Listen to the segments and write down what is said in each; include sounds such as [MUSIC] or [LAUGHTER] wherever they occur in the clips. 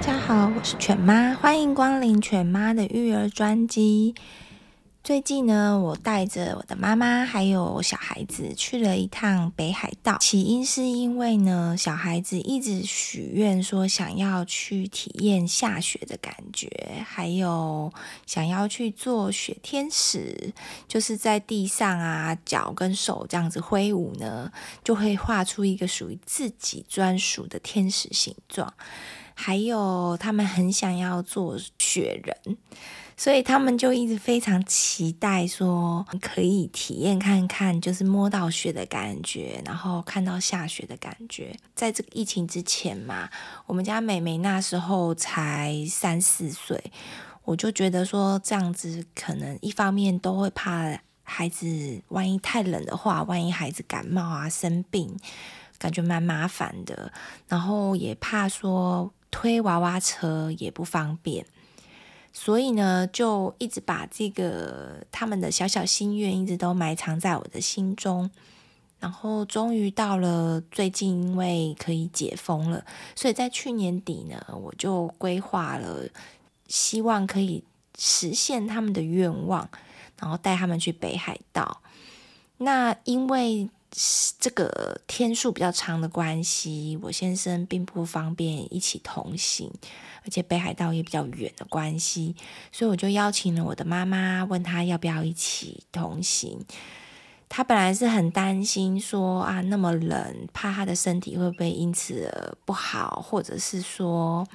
大家好，我是犬媽，歡迎光臨犬媽的育兒專輯。最近呢，我帶着我的媽媽還有小孩子去了一趟北海道。起因是因為呢，小孩子一直許願說想要去體驗下雪的感覺，還有想要去做雪天使，就是在地上啊，腳跟手這樣子揮舞呢，就會畫出一個屬於自己專屬的天使形狀。還有他們很想要做雪人。所以他們就一直非常期待，說可以體驗看看，就是摸到雪的感覺，然後看到下雪的感覺。在這個疫情之前嘛，我們家妹妹那時候才三四歲，我就覺得說這樣子可能一方面都會怕孩子，萬一太冷的話，萬一孩子感冒啊生病，感覺蠻麻煩的。然後也怕說推娃娃車也不方便。所以呢，就一直把這個他們的小小心願一直都埋藏在我的心中，然後終於到了最近，因為可以解封了，所以在去年底呢，我就規劃了，希望可以實現他們的願望，然後帶他們去北海道。那因為這個天數比較長的關係，我先生並不方便一起同行。而且北海道也比較遠的關係，所以我就邀請了我的媽媽，問她要不要一起同行。她本來是很擔心說，說啊那麼冷，怕她的身體會不會因此而不好，或者是說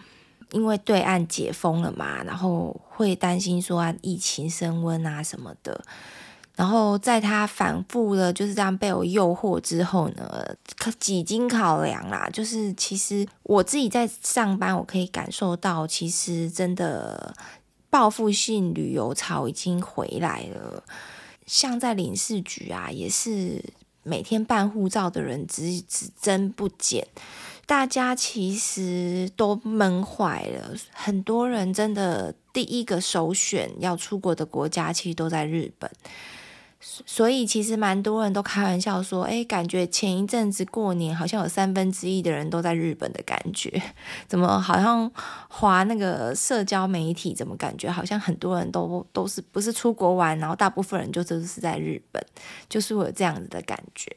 因為對岸解封了嘛，然後會擔心說，啊，疫情升溫啊什麼的。然後在她反覆的就是這樣被我誘惑之後呢，幾經考量啦，啊，就是其實我自己在上班，我可以感受到，其實真的報復性旅遊潮已經回來了。像在領事局啊，也是每天辦護照的人只只增不減，大家其實都悶壞了。很多人真的第一個首選要出國的國家，其實都在日本。所以其實蠻多人都開玩笑說，誒，感覺前一陣子過年好像有三分之一的人都在日本的感覺，怎麼好像滑那個社交媒體，怎麼感覺好像很多人都都是不是出國玩，然後大部分人就真是在日本，就是我有這樣子的感覺。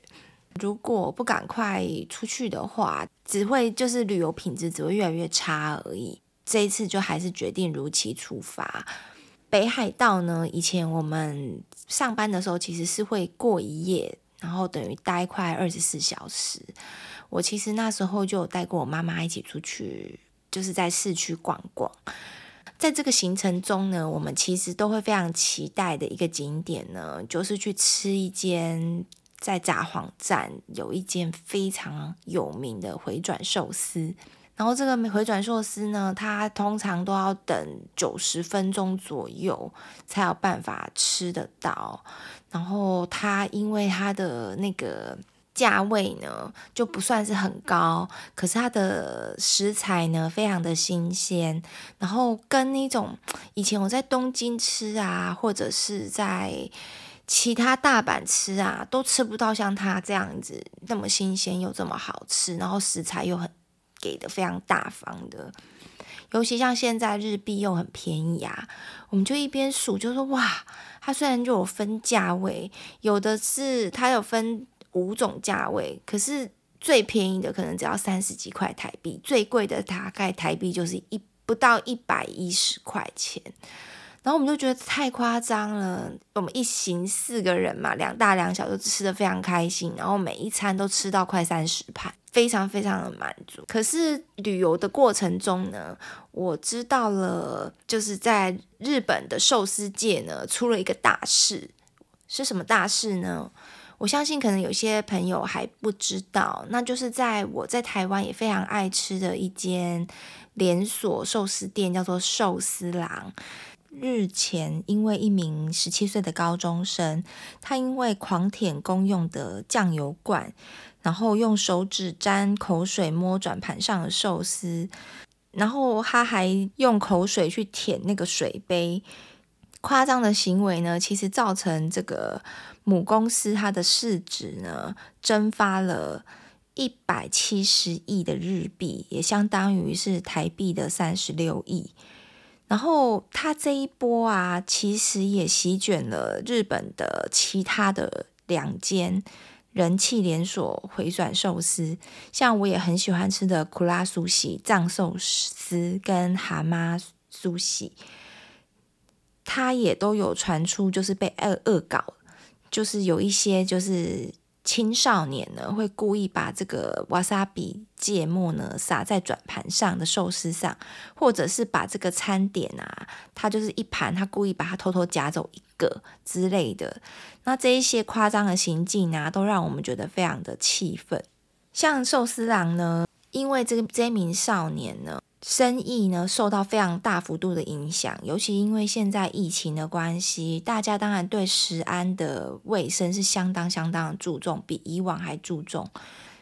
如果不趕快出去的話，只會就是旅遊品質只會越來越差而已。這一次就還是決定如期出發。北海道呢，以前我們上班的時候其實是會過一夜，然後等於待快二十四小時。我其實那時候就有帶過我媽媽一起出去，就是在市區逛逛。在這個行程中呢，我們其實都會非常期待的一個景點呢，就是去吃一間在札幌站有一間非常有名的迴轉壽司。然後這個迴轉壽司呢，它通常都要等九十分鐘左右才有辦法吃得到。然後它因為它的那個價位呢，就不算是很高，可是它的食材呢非常的新鮮。然後跟那種以前我在東京吃啊，或者是在其他大阪吃啊，都吃不到像它這樣子那麼新鮮又這麼好吃，然後食材又很。給的非常大方的，尤其像現在日幣又很便宜啊，我們就一邊數就說哇，它雖然就有分價位，有的是它有分五種價位，可是最便宜的可能只要三十幾塊台幣，最貴的大概台幣就是一不到一百一十塊錢。然後我們就覺得太誇張了。我們一行四個人嘛，兩大兩小，就吃得非常開心。然後每一餐都吃到快三十盤，非常非常的滿足。可是旅遊的過程中呢，我知道了，就是在日本的壽司界呢出了一個大事，是什麼大事呢？我相信可能有些朋友還不知道，那就是在我在台灣也非常愛吃的一間連鎖壽司店，叫做壽司郎。日前，因為一名十七歲的高中生，他因為狂舔公用的醬油罐，然後用手指沾口水摸轉盤上的壽司，然後他還用口水去舔那個水杯。誇張的行為呢，其實造成這個母公司它的市值呢，蒸發了一百七十億的日幣，也相當於是台幣的三十六億。然後它這一波啊，其實也席捲了日本的其他的兩間人氣連鎖迴轉壽，壽司，像我也很喜歡吃的庫拉蘇西、藏壽司跟蛤蟆蘇西，它也都有傳出就是被惡惡搞，就是有一些就是。青少年呢，會故意把這個瓦薩比芥末呢撒在轉盤上的壽司上，或者是把這個餐點啊，他就是一盤，他故意把它偷偷夾走一個之類的。那這一些誇張的行徑呢，都讓我們覺得非常的氣憤。像壽司郎呢，因為這個這名少年呢。生意呢，受到非常大幅度的影響，尤其因為現在疫情的關係，大家當然對食安的衛生是相當相當注重，比以往還注重。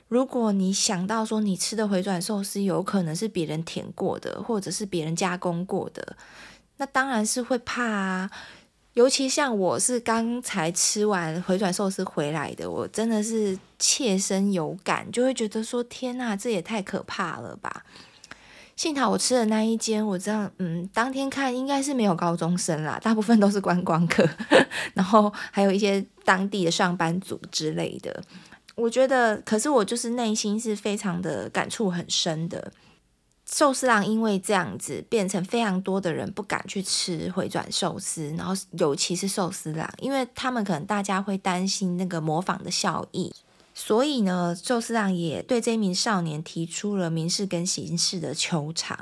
如果你想到說你吃的回轉壽司有可能是別人舔過的，或者是別人加工過的，那當然是會怕啊。尤其像我是剛才吃完回轉壽司回來的，我真的是切身有感，就會覺得說天吶，這也太可怕了吧！幸好我吃的那一間，我知道，嗯，當天看應該是沒有高中生啦，大部分都是觀光客， [LAUGHS] 然後還有一些當地的上班族之類的。我覺得，可是我就是內心是非常的感觸很深的。壽司郎因為這樣子，變成非常多的人不敢去吃迴轉壽司，然後尤其是壽司郎，因為他們可能大家會擔心那個模仿的效益。所以呢，壽司郎也對這一名少年提出了民事跟刑事的求償。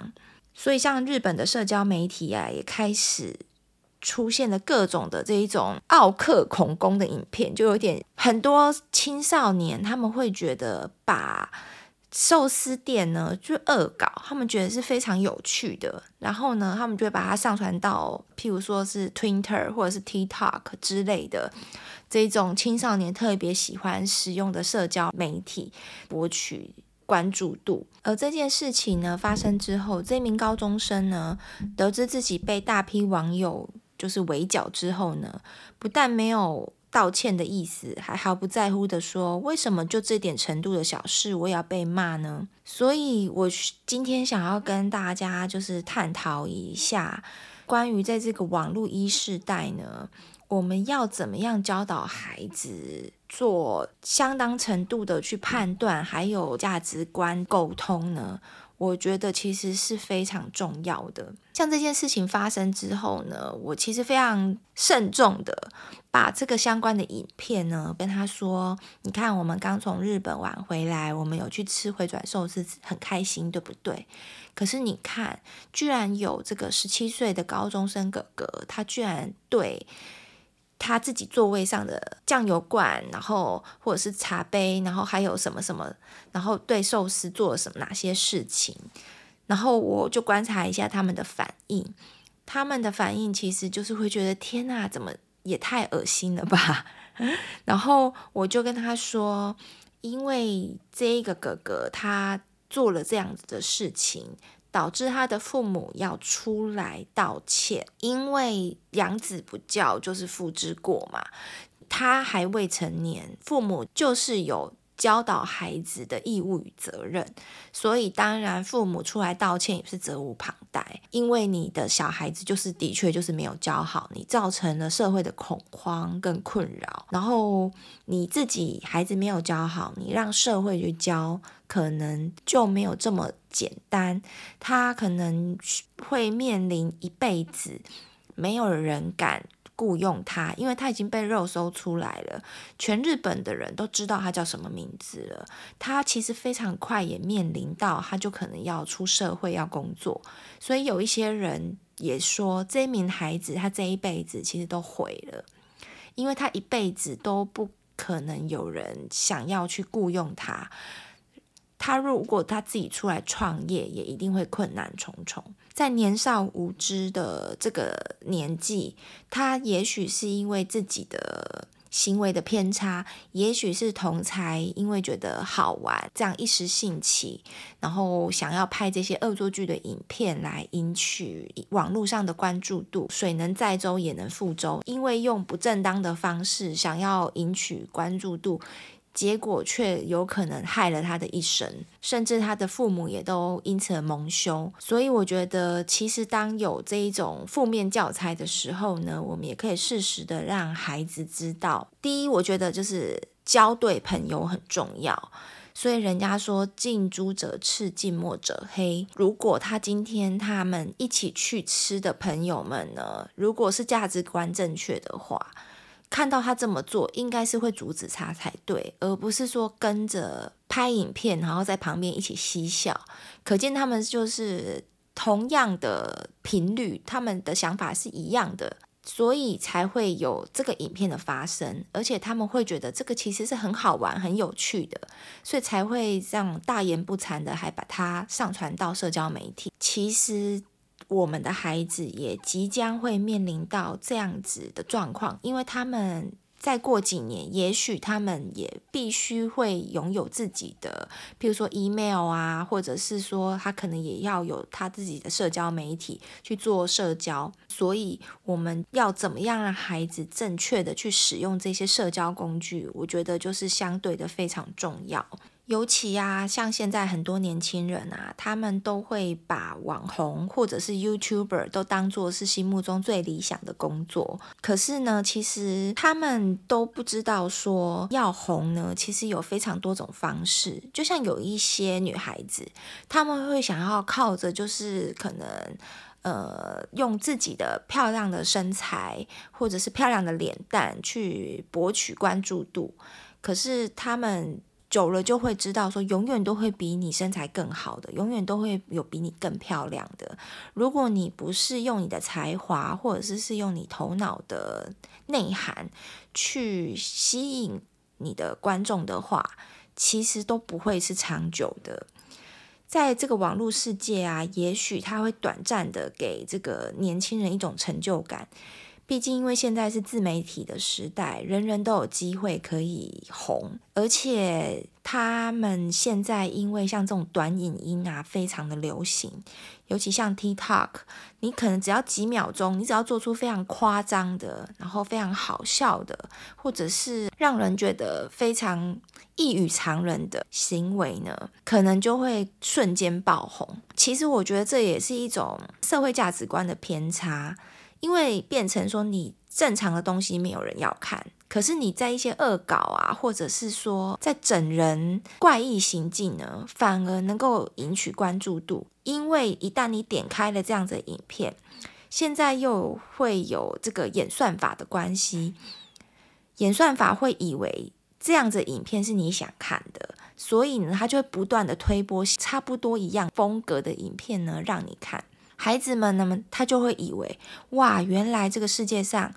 所以，像日本的社交媒體啊，也開始出現了各種的這一種奧客、恐攻的影片，就有點很多青少年他們會覺得把。壽司店呢，就惡搞，他們覺得是非常有趣的，然後呢，他們就會把它上傳到，譬如說是 Twitter 或者是 TikTok 之類的這種青少年特別喜歡使用的社交媒體，博取關注度。而這件事情呢，發生之後，這一名高中生呢，得知自己被大批網友就是圍剿之後呢，不但沒有。道歉的意思，還毫不在乎的說：“為什麼就這點程度的小事，我也要被罵呢？”所以，我今天想要跟大家就是探討一下，關於在這個網絡 E 世代呢，我們要怎麼樣教導孩子做相當程度的去判斷，還有價值觀溝通呢？我覺得其實是非常重要的。像這件事情發生之後呢，我其實非常慎重的把這個相關的影片呢跟他說：“你看，我們剛從日本玩回來，我們有去吃迴轉壽司，是很開心，對不對？可是你看，居然有這個十七歲的高中生哥哥，他居然對。”他自己座位上的醬油罐，然後或者是茶杯，然後還有什麼什麼，然後對壽司做了什麼哪些事情，然後我就觀察一下他們的反應，他們的反應其實就是會覺得天哪，怎麼也太噁心了吧？然後我就跟他說，因為這個哥哥他做了這樣子的事情。導致他的父母要出來道歉，因為養子不教就是父之過嘛。他還未成年，父母就是有教導孩子的義務與責任，所以當然父母出來道歉也是責無旁貸。因為你的小孩子就是的確就是沒有教好，你造成了社會的恐慌跟困擾，然後你自己孩子沒有教好，你讓社會去教，可能就沒有這麼簡單。他可能會面臨一輩子沒有人敢。僱用他，因為他已經被肉搜出來了，全日本的人都知道他叫什麼名字了。他其實非常快也面臨到，他就可能要出社會要工作。所以有一些人也說，這名孩子他這一輩子其實都毀了，因為他一輩子都不可能有人想要去僱用他。他如果他自己出來創業，也一定會困難重重。在年少無知的這個年紀，他也許是因為自己的行為的偏差，也許是同儕因為覺得好玩，這樣一時興起，然後想要拍這些惡作劇的影片來贏取網絡上的關注度。水能載舟，也能覆舟，因為用不正當的方式想要贏取關注度。結果卻有可能害了他的一生，甚至他的父母也都因此蒙羞。所以我覺得，其實當有這一種負面教材的時候呢，我們也可以適時的讓孩子知道：第一，我覺得就是交對朋友很重要。所以人家說“近朱者赤，近墨者黑”。如果他今天他們一起去吃的朋友們呢，如果是價值觀正確的話。看到他這麼做，應該是會阻止他才對，而不是說跟着拍影片，然後在旁邊一起嬉笑。可見他們就是同樣的頻率，他們的想法是一樣的，所以才會有這個影片的發生。而且他們會覺得這個其實是很好玩、很有趣的，所以才會這樣大言不慚的還把它上傳到社交媒體。其實。我們的孩子也即將會面臨到這樣子的狀況，因為他們再過幾年，也許他們也必須會擁有自己的，譬如說 email 啊，或者是說他可能也要有他自己的社交媒體去做社交，所以我們要怎麼樣讓孩子正確的去使用這些社交工具，我覺得就是相對的非常重要。尤其啊，像現在很多年輕人啊，他們都會把網紅或者是 YouTuber 都當作是心目中最理想的工作。可是呢，其實他們都不知道說要紅呢，其實有非常多種方式。就像有一些女孩子，他們會想要靠着就是可能，呃，用自己的漂亮的身材，或者是漂亮的臉蛋去博取關注度，可是他們。久了就會知道，說永遠都會比你身材更好的，永遠都會有比你更漂亮的。如果你不是用你的才華，或者是是用你頭腦的內涵去吸引你的觀眾的話，其實都不會是長久的。在這個網絡世界啊，也許它會短暫的給這個年輕人一種成就感。畢竟，因為現在是自媒體的時代，人人都有機會可以紅。而且，他們現在因為像這種短影音啊，非常的流行，尤其像 TikTok，你可能只要幾秒鐘，你只要做出非常誇張的，然後非常好笑的，或者是讓人覺得非常異於常人的行為呢，可能就會瞬間爆紅。其實，我覺得這也是一種社會價值觀的偏差。因為變成說你正常的東西沒有人要看，可是你在一些惡搞啊，或者是說在整人、怪異行徑呢，反而能夠引起關注度。因為一旦你點開了這樣子的影片，現在又會有這個演算法的關係，演算法會以為這樣子的影片是你想看的，所以呢，它就會不斷的推播差不多一樣風格的影片呢，讓你看。孩子們，那麼他就會以為，哇，原來這個世界上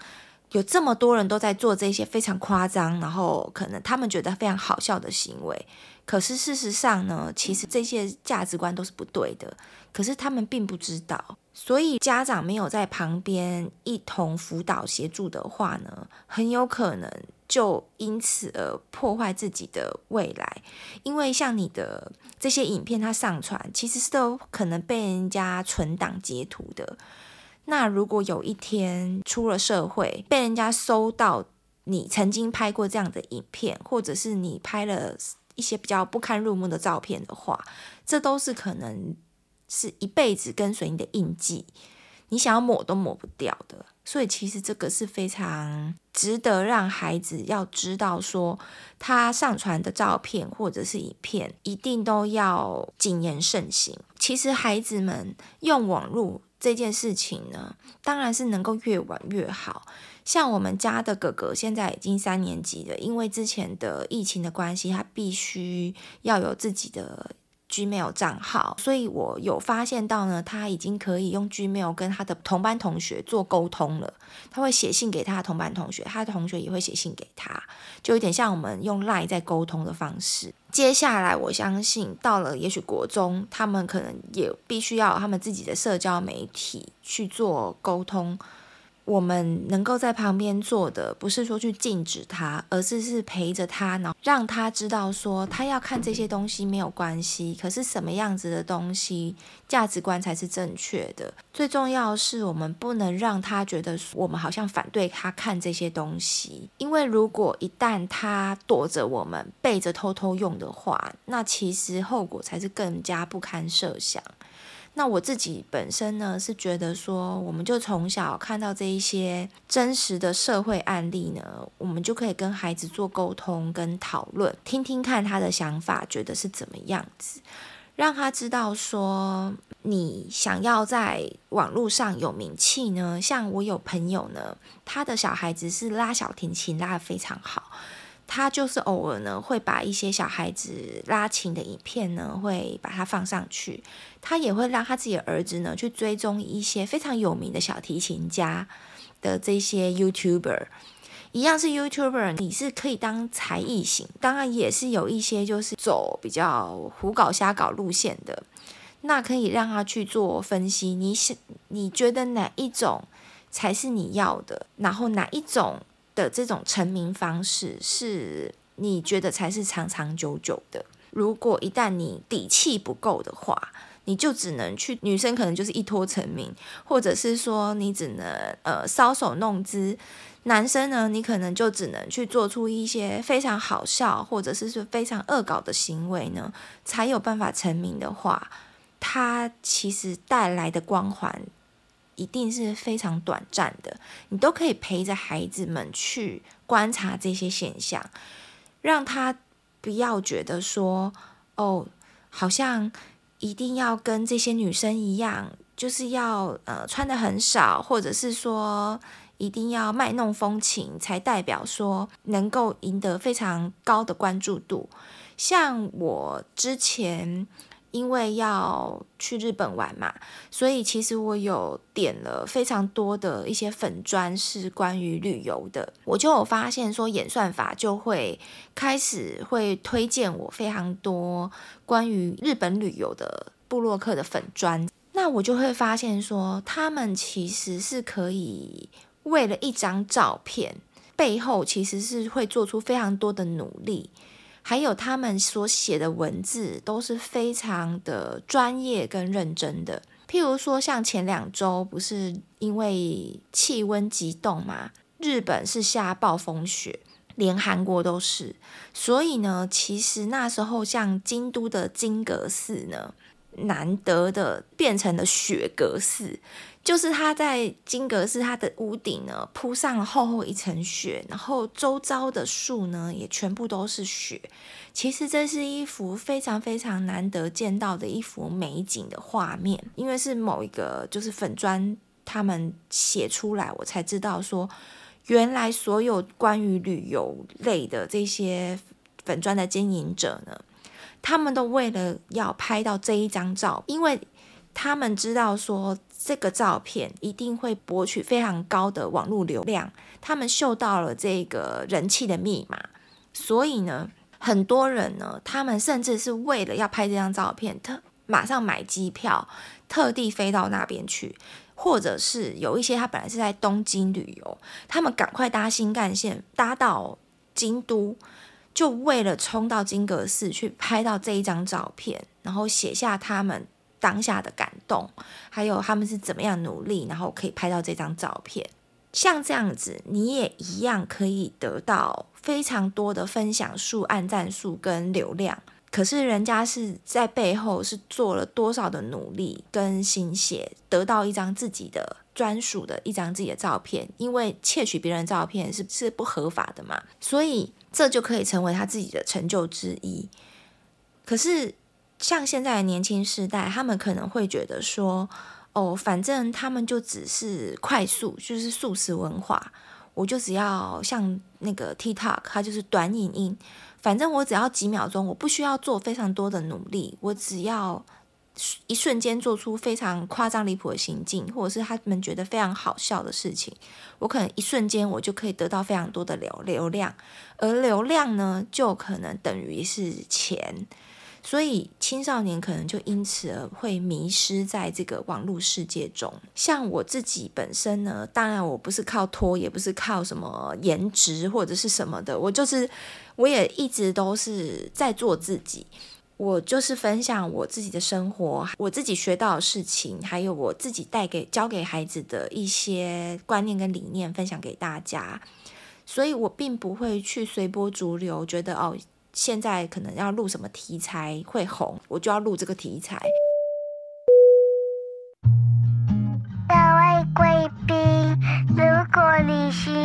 有這麼多人都在做這些非常誇張，然後可能他們覺得非常好笑的行為。可是事實上呢，其實這些價值觀都是不對的。可是他們並不知道，所以家長沒有在旁邊一同輔導協助的話呢，很有可能。就因此而破壞自己的未來，因為像你的這些影片，它上傳其實是都可能被人家存檔截圖的。那如果有一天出了社會，被人家搜到你曾經拍過這樣的影片，或者是你拍了一些比較不堪入目的照片的話，這都是可能是一輩子跟隨你的印記，你想要抹都抹不掉的。所以其實這個是非常值得讓孩子要知道，說他上傳的照片或者是影片，一定都要謹言慎行。其實孩子們用網絡這件事情呢，當然是能夠越晚越好。像我們家的哥哥現在已經三年級了，因為之前的疫情的關係，他必須要有自己的。Gmail 賬號，所以我有發現到呢，他已經可以用 Gmail 跟他的同班同學做溝通了。他會寫信給他的同班同學，他的同學也會寫信給他，就有點像我們用 Line 在溝通的方式。接下來，我相信到了也許國中，他們可能也必須要他們自己的社交媒體去做溝通。我們能夠在旁邊做的，不是說去禁止他，而是是陪着他，然後讓他知道說，他要看這些東西沒有關係。可是什麼樣子的東西，價值觀才是正確的。最重要是，我們不能讓他覺得我們好像反對他看這些東西。因為如果一旦他躲着我們，背着偷偷用的話，那其實後果才是更加不堪設想。那我自己本身呢，是覺得說，我們就從小看到這一些真實的社會案例呢，我們就可以跟孩子做溝通跟討論，聽聽看他的想法，覺得是怎麼樣子，讓他知道說，你想要在網絡上有名氣呢？像我有朋友呢，他的小孩子是拉小提琴，拉得非常好。他就是偶爾呢，會把一些小孩子拉琴的影片呢，會把它放上去。他也會讓他自己的兒子呢，去追蹤一些非常有名的小提琴家的這些 YouTuber，一樣是 YouTuber，你是可以當才藝型，當然也是有一些就是走比較胡搞瞎搞路線的，那可以讓他去做分析你，你想你覺得哪一種才是你要的，然後哪一種的這種成名方式是你覺得才是長長久久的。如果一旦你底氣不夠的話，你就只能去，女生可能就是一脫成名，或者是說你只能呃搔首弄姿。男生呢，你可能就只能去做出一些非常好笑，或者是說非常惡搞的行為呢，才有辦法成名的話，他其實帶來的光環一定是非常短暫的，你都可以陪着孩子們去觀察這些現象，讓他不要覺得說，哦，好像一定要跟這些女生一樣，就是要呃穿得很少，或者是說一定要賣弄風情，才代表說能夠贏得非常高的關注度。像我之前。因為要去日本玩嘛，所以其實我有點了非常多的一些粉磚，是關於旅遊的。我就有發現說，演算法就會開始會推薦我非常多關於日本旅遊的部落客的粉磚。那我就會發現說，他們其實是可以為了一張照片背後，其實是會做出非常多的努力。還有他們所寫的文字都是非常的專業跟認真的。譬如說，像前兩周不是因為氣溫急凍嘛，日本是下暴風雪，連韓國都是。所以呢，其實那時候像京都的金閣寺呢。難得的變成了雪閣寺，就是他在金閣寺它的屋頂呢鋪上了厚厚一層雪，然後周遭的樹呢也全部都是雪。其實這是一幅非常非常難得見到的一幅美景的畫面，因為是某一個就是粉專他們寫出來，我才知道說，原來所有關於旅遊類的這些粉專的經營者呢。他們都為了要拍到這一張照片，因為他們知道說這個照片一定會博取非常高的網絡流量，他們嗅到了這個人氣的密碼。所以呢，很多人呢，他們甚至是為了要拍這張照片，特馬上買機票，特地飛到那邊去，或者是有一些他本來是在東京旅遊，他們趕快搭新幹線，搭到京都。就為了衝到金閣寺去拍到這一張照片，然後寫下他們當下的感動，還有他們是怎麼樣努力，然後可以拍到這張照片。像這樣子，你也一樣可以得到非常多的分享數、按讚數跟流量。可是人家是在背後是做了多少的努力跟心血，得到一張自己的專屬的一張自己的照片。因為竊取別人的照片是是不合法的嘛，所以。這就可以成為他自己的成就之一。可是，像現在的年輕世代，他們可能會覺得說：“哦，反正他們就只是快速，就是速食文化。我就只要像那個 TikTok，它就是短影音，反正我只要幾秒鐘，我不需要做非常多的努力，我只要。”一瞬間做出非常誇張離譜的行徑，或者是他們覺得非常好笑的事情，我可能一瞬間我就可以得到非常多的流流量，而流量呢，就可能等於是錢，所以青少年可能就因此而會迷失在這個網絡世界中。像我自己本身呢，當然我不是靠托，也不是靠什麼顏值或者是什麼的，我就是我也一直都是在做自己。我就是分享我自己的生活，我自己學到的事情，還有我自己帶給教給孩子的一些觀念跟理念，分享給大家。所以，我並不會去隨波逐流，覺得哦，現在可能要錄什麼題材會紅，我就要錄這個題材。各位貴賓，如果你是，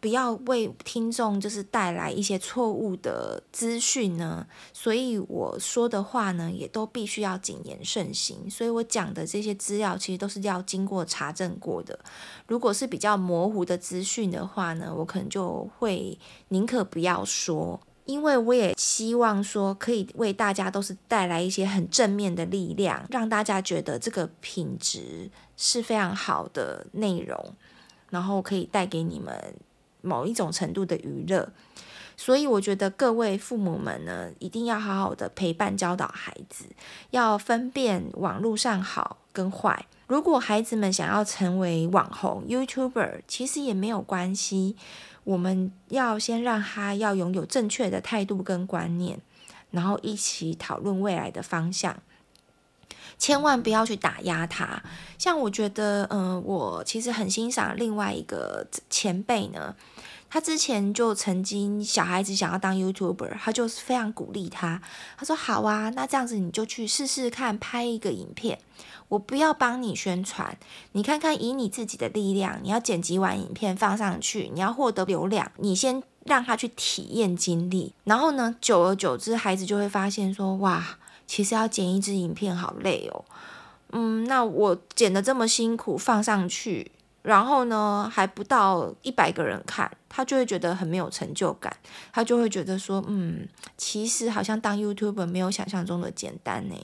不要為聽眾就是帶來一些錯誤的資訊呢，所以我說的話呢，也都必須要謹言慎行。所以我講的這些資料其實都是要經過查證過的。如果是比較模糊的資訊的話呢，我可能就會寧可不要說，因為我也希望說可以為大家都是帶來一些很正面的力量，讓大家覺得這個品質是非常好的內容，然後可以帶給你們。某一種程度的娛樂，所以我覺得各位父母們呢，一定要好好的陪伴教導孩子，要分辨網絡上好跟壞。如果孩子們想要成為網紅、YouTuber，其實也沒有關係，我們要先讓他要擁有正確的態度跟觀念，然後一起討論未來的方向。千萬不要去打壓他。像我覺得，嗯、呃，我其實很欣賞另外一個前輩呢。他之前就曾經小孩子想要當 YouTuber，他就非常鼓勵他。他說：“好啊，那這樣子你就去試試看拍一個影片。我不要幫你宣傳，你看看以你自己的力量，你要剪輯完影片放上去，你要獲得流量，你先讓他去體驗經歷。然後呢，久而久之，孩子就會發現說，哇。”其實要剪一支影片好累哦，嗯，那我剪得這麼辛苦放上去，然後呢，還不到一百個人看，他就會覺得很沒有成就感，他就會覺得說，嗯，其實好像當 YouTuber 沒有想象中的簡單呢。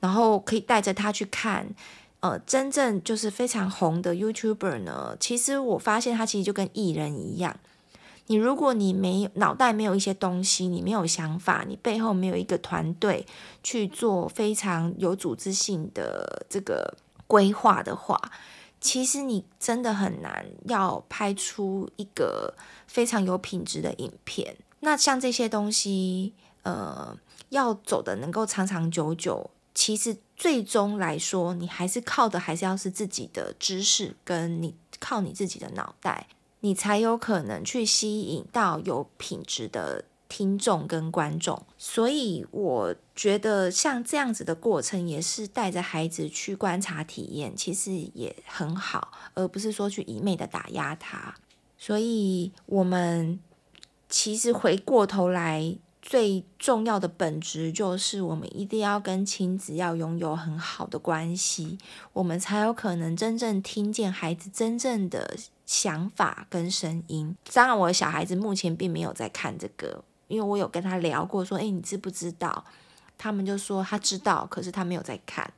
然後可以帶着他去看，呃，真正就是非常紅的 YouTuber 呢，其實我發現他其實就跟藝人一樣。你如果你沒有腦袋，沒有一些東西，你沒有想法，你背後沒有一個團隊去做非常有組織性的這個規劃的話，其實你真的很難要拍出一個非常有品質的影片。那像這些東西，呃，要走的能夠長長久久，其實最終來說，你還是靠的還是要是自己的知識，跟你靠你自己的腦袋。你才有可能去吸引到有品質的聽眾跟觀眾，所以我覺得像這樣子的過程，也是帶着孩子去觀察體驗，其實也很好，而不是說去一昧的打壓他。所以我們其實回過頭來，最重要的本質就是，我們一定要跟親子要擁有很好的關係，我們才有可能真正聽見孩子真正的。想法跟聲音，當然我的小孩子目前並沒有在看這個，因為我有跟他聊過，說，誒，你知不知道？他們就說他知道，可是他沒有在看。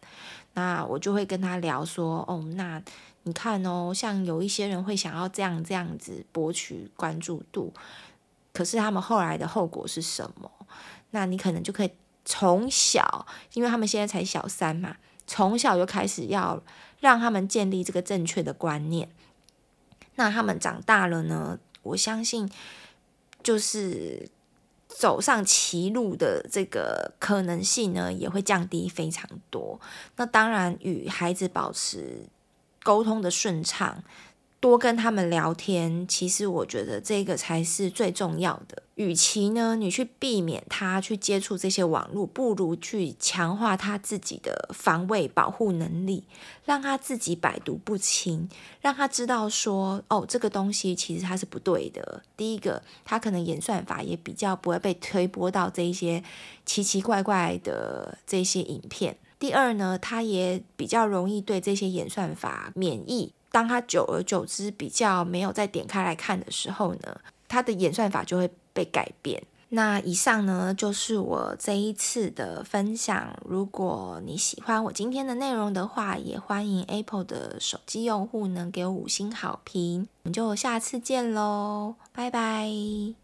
那我就會跟他聊說，哦，那你看哦，像有一些人會想要這樣這樣子博取關注度，可是他們後來的後果是什麼？那你可能就可以從小，因為他們現在才小三嘛，從小就開始要讓他們建立這個正確的觀念。那他們長大了呢？我相信，就是走上歧路的這個可能性呢，也會降低非常多。那當然，與孩子保持溝通的順暢。多跟他們聊天，其實我覺得這個才是最重要的。與其呢，你去避免他去接觸這些網絡，不如去強化他自己的防衛保護能力，讓他自己百毒不侵，讓他知道說，哦，這個東西其實他是不對的。第一個，他可能演算法也比較不會被推播到這一些奇奇怪怪的這些影片；第二呢，他也比較容易對這些演算法免疫。當它久而久之比較沒有再點開來看的時候呢，它的演算法就會被改變。那以上呢就是我這一次的分享。如果你喜歡我今天的內容的話，也歡迎 Apple 的手機用戶呢給我五星好評。我們就下次見嘍，拜拜。